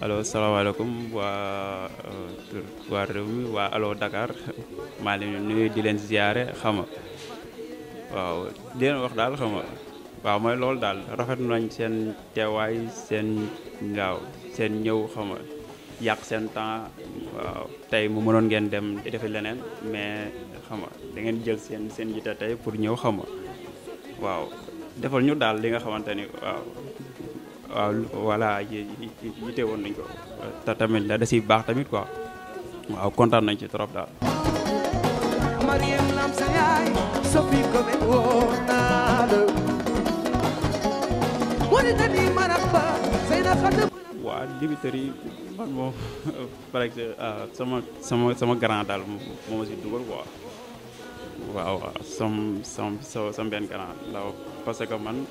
allo salaamaaleykum waa euh, waa réew mi waa alo Dakar maa leen nuyu ziare xam nga waaw di wax daal xam waaw mooy loolu daal rafet nañ seen teewaay seen waaw seen ñëw xam yàq seen temps waaw tey mu mënoon ngeen dem defi leneen mais xam nga da jël seen seen jita tey pour ñëw xam waaw defal ñu daal li nga xamante ni waaw waaw voilà yite woon nañ ko te tamit la des si baax tamit quoi waaw kontaan nañ ci trop daal. waaw dibiteri man moom ah, sama sama sama grand daal moo si dugal quoi waaw sam sam benn grand la parce que man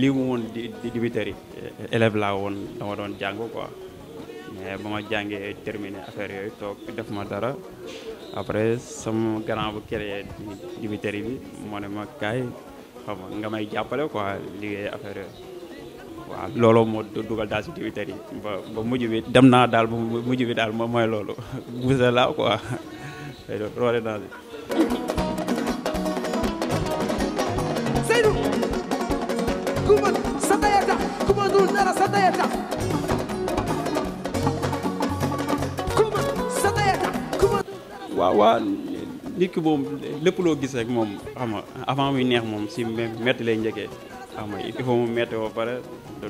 lii mu woon di dibiteri élève laa woon dama doon jàng quoi mais ba jàngee terminé affaire yooyu toog def ma dara après sama grand bu créé dibiteri bi moo ne ma kaay xam nga may jàppale quoi liggéey affaire waaw looloo moo dugal daal si Twitter ba mujj bi dem naa daal ba mujj bi daal moom mooy loolu buuse laa quoi roole naa si Seydou kuman sa sa daya tax kuman sa daya tax kuman waaw waaw nit ki moom lépp loo gis rek moom xam nga avant muy neex moom si metti lay njëkkee xam nga il faut mu metti ba pare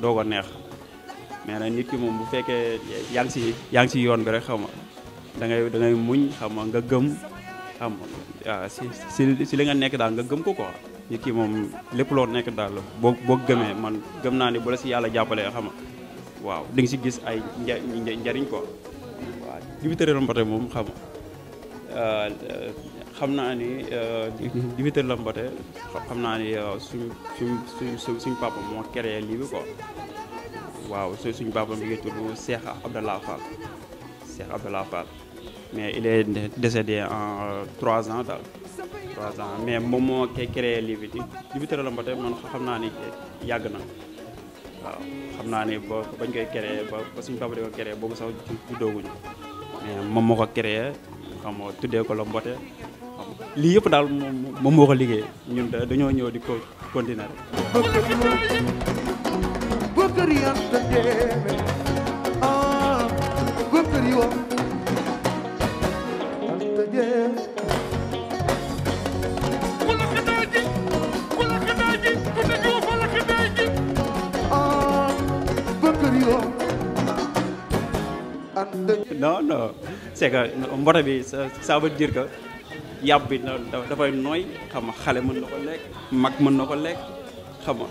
doo ko neex mais nag nit ki moom bu fekkee yaa si yaa ngi si yoon bi rek xam nga da ngay da muñ xam nga gëm xam si si si li nga nekk daal nga gëm ko ko nit ki moom lépp loo nekk daal boo gëmee man gëm naa ne bu si yàlla jàppalee xam waaw di nga si gis ay njariñ njariñ quoi waaw li mu tëree moom xam euh, xam naa ni euh, Dimitar mhm. Lambate xam naa ni euh, suñu suñu suñu suñu papa moo créé lii bi quoi waaw suñu papa mi ngi tudd Cheikh Abdallah Fall Cheikh Abdallah Fall mais il décédé en euh, trois ans dal trois ans mais moom moo koy créé lii bi Dimitar Lambate man xam naa ni yàgg na waaw xam naa ni ba bañ koy créé ba suñu papa di ko créé boobu sax juddooguñu mais moom moo ko créé tuddee ko Lambate li yëpp daal moom moo ko liggéey ñun dañoo ñëw di ko continuer Non, non, c'est que, on va dire que yàbb bi dafay nooy xam nga xale mën na ko lekk mag mën na ko lekk xam nga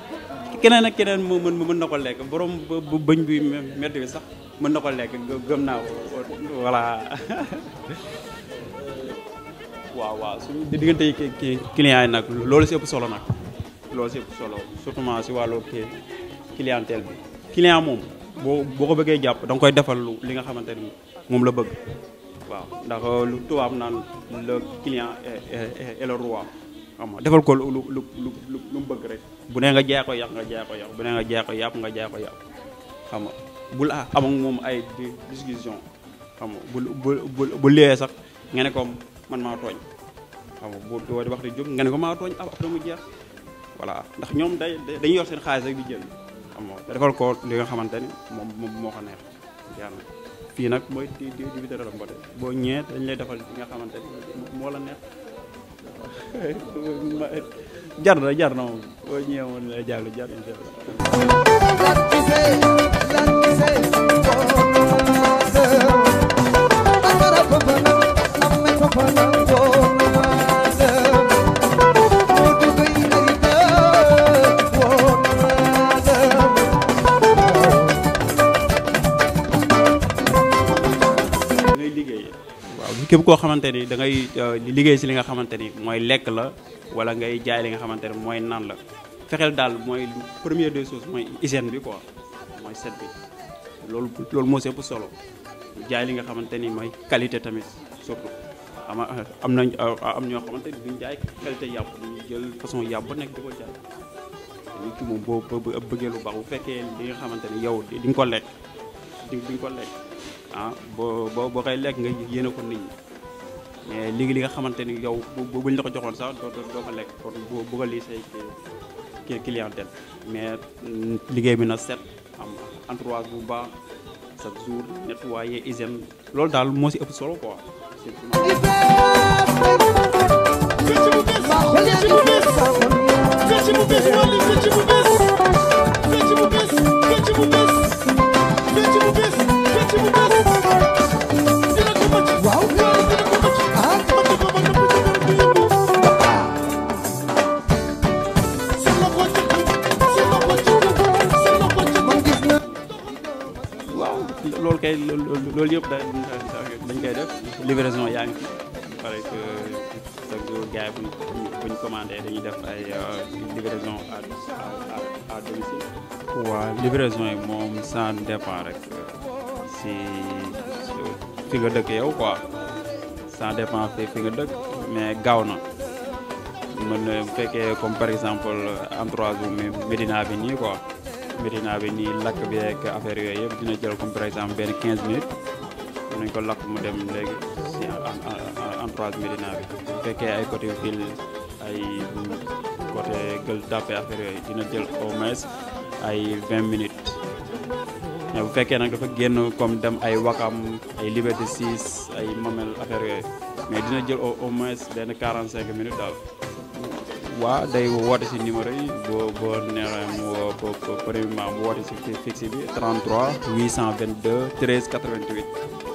keneen ak keneen moo mën mën na ko lekk borom bu bëñ bi métti bi sax mën na ko lekk gëm naa ko voilà. waaw waaw suñu diggante yi client yi nag loolu si ëpp solo nag loolu si ëpp solo surtout si wàllu kii clientèle bi client moom boo boo ko bëggee jàpp danga koy defal lu li nga xamante ni moom la bëgg waaw ndax euh, lu tubaab naan le client et le defal ko lu lu bëgg rek bu neex nga jaay ko yàq nga jaay ko yàq bu ne nga jaay ko yàpp nga jaay ko yàpp xam nga bul ah am moom ay discussion xam nga bu bu bu liee sax nga ne ko man maa tooñ xam nga bu doo wax di jub nga ne ko maa tooñ ah mu jeex voilà ndax ñoom day dañuy yor seen xaalis rek di jël xam nga defal ko li nga xamante ni moom moo ko neex fii nag mooy di di di dara mbote boo ñëwee dañ lay defal li nga xamante ni moo la neex jar na jar na moom boo ñëwee moom lay jaay jar incha allah. képp koo xamante ni da ngay euh, liggéey si li nga xamante ni mooy lekk la wala ngay jaay li nga xamante ni mooy nan la fexeel daal mooy première de choses mooy hygiène bi ko mooy set bi loolu loolu moo si ëpp solo jaay li nga xamante ni mooy qualité tamit surtout euh, am nañ euh, am ñoo xamante ni duñ jaay qualité yàpp duñu jël façon yàpp ba nekk di ko jaay dañu ci moom boo bëggee lu baax bu fekkee li nga xamante ni yow di nga ko lekk di nga ko lekk ah boo boo boo koy lekk nga yéene ko nit ñi mais léegi li nga xamante ni yow bu buñ la ko joxoon sax doo doo ko lekk kon bu a lii mais liggéey bi na set am entourage bu baax chaque jour nettoyer hygiène loolu daal moo si ëpp solo quoi. Let's loolu yëpp dañ dañ def livraison yaa ngi fi pare que chaque jour gars yi buñ commandé dañuy def ay euh, livraison à à domicile waaw livraison yi moom ça dépend rek si fi nga dëkk yow quoi ça dépend fi fi nga dëkk mais gaaw na mën na fekkee comme par exemple en trois jours Médina bi nii quoi Médina bi nii lakk bi ak affaire yooyu yëpp dina jël comme par exemple benn 15 minutes Kolak ko lakk mu dem léegi si entourage Médina bi bu fekkee ay côté ville ay côté gël tapé affaire yooyu dina jël au moins ay 20 minutes mais bu fekkee nag dafa génn comme dem ay wakam ay liberté 6 ay mamel affaire yooyu mais dina jël au moins benn 45 minutes daal waa day woote si numéro yi boo boo neexee mu woo premièrement mu woote si fixe bi 33 822 13 88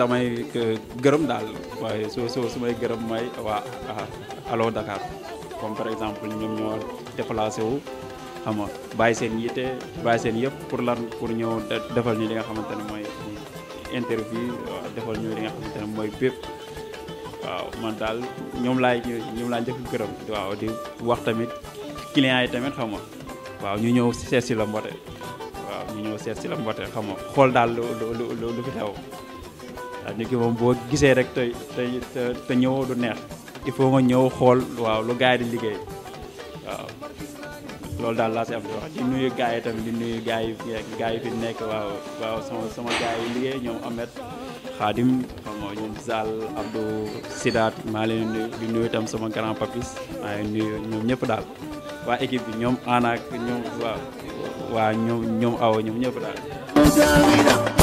damay euh, gërëm daal waaye soo soo su may gërëm may waa Allo Dakar comme par exemple ñoom ñoo déplacé wu xam nga bàyyi seen yitte bàyyi seen yëpp pour la pour ñëw defal ñu li nga xamante ne mooy interview defal ñu li nga xamante ne mooy bépp waaw man daal ñoom laay ñoom laay njëkk gërëm waaw di wax tamit clients yi tamit xam waaw ñu ñëw seet si la mbote waaw ñu ñëw seet si la mbote xam xool daal lu lu lu lu fi teew waaw nit ki moom boo gisee rek te te te ñëwoo du neex il faut nga ñëw xool waaw lu gars yi di liggéey waaw loolu daal laa si am di wax di nuyu gars yi tamit nekk waaw waaw sama sama gars yi liggéey ñoom Ahmed Khadim xam ñoom Zal Abdou Sidaat maa nuyu di sama grand papis maa nuyu ñoom daal waa équipe bi ñoom Anak ñoom waaw waa ñoom aw ñoom ñëpp daal